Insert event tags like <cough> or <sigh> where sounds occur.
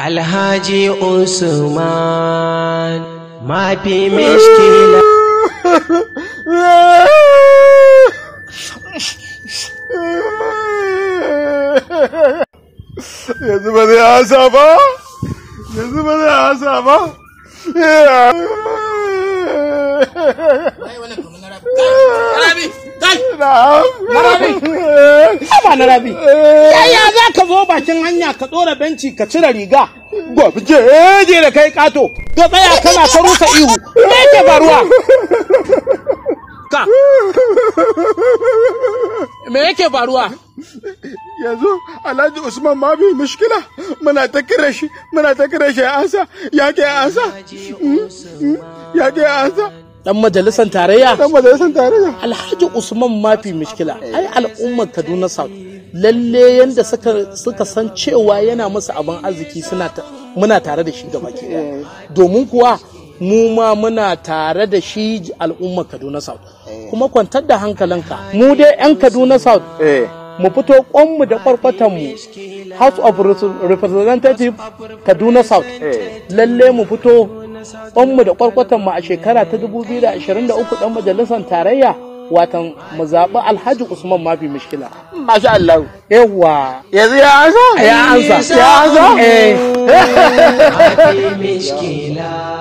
Alhaji Usman mafi <laughs> mishkila. Yanzu ba zai hasa ba? Yanzu ba zai hasa ba? Na'am. ba na rabi eh. yaya za ka zo bakin hanya ka tsora benci ka cire riga gobe je da kai kato ka tsaya kana ta rusa ihu me ke faruwa ka me yake faruwa yanzu alhaji usman ma bi mushkila muna ta kira shi muna ta kira shi ya ansa ya ke ansa hmm? Hmm? ya ke ansa dan majalisar tarayya dan majalisar tarayya alhaji usman mafi mishkila ai al'ummar kaduna south lalle yanda suka suka san cewa yana musu abin arziki suna muna tare da shi da ke eh. domin kuwa mu ma muna tare da shi al'ummar kaduna south eh. kuma kwantar da hankalinka mu dai yan kaduna south eh. mu fito kwanmu da mu house of representative kaduna south lalle mu fito ɗanmu da kwarkwatanmu a shekara ta 2023 ɗan majalisar tarayya watan mu zaɓi alhaji usman mafi mishkila masha Allah yawa yanzu ya ansa ya ansa ya ansa eh <laughs> <laughs>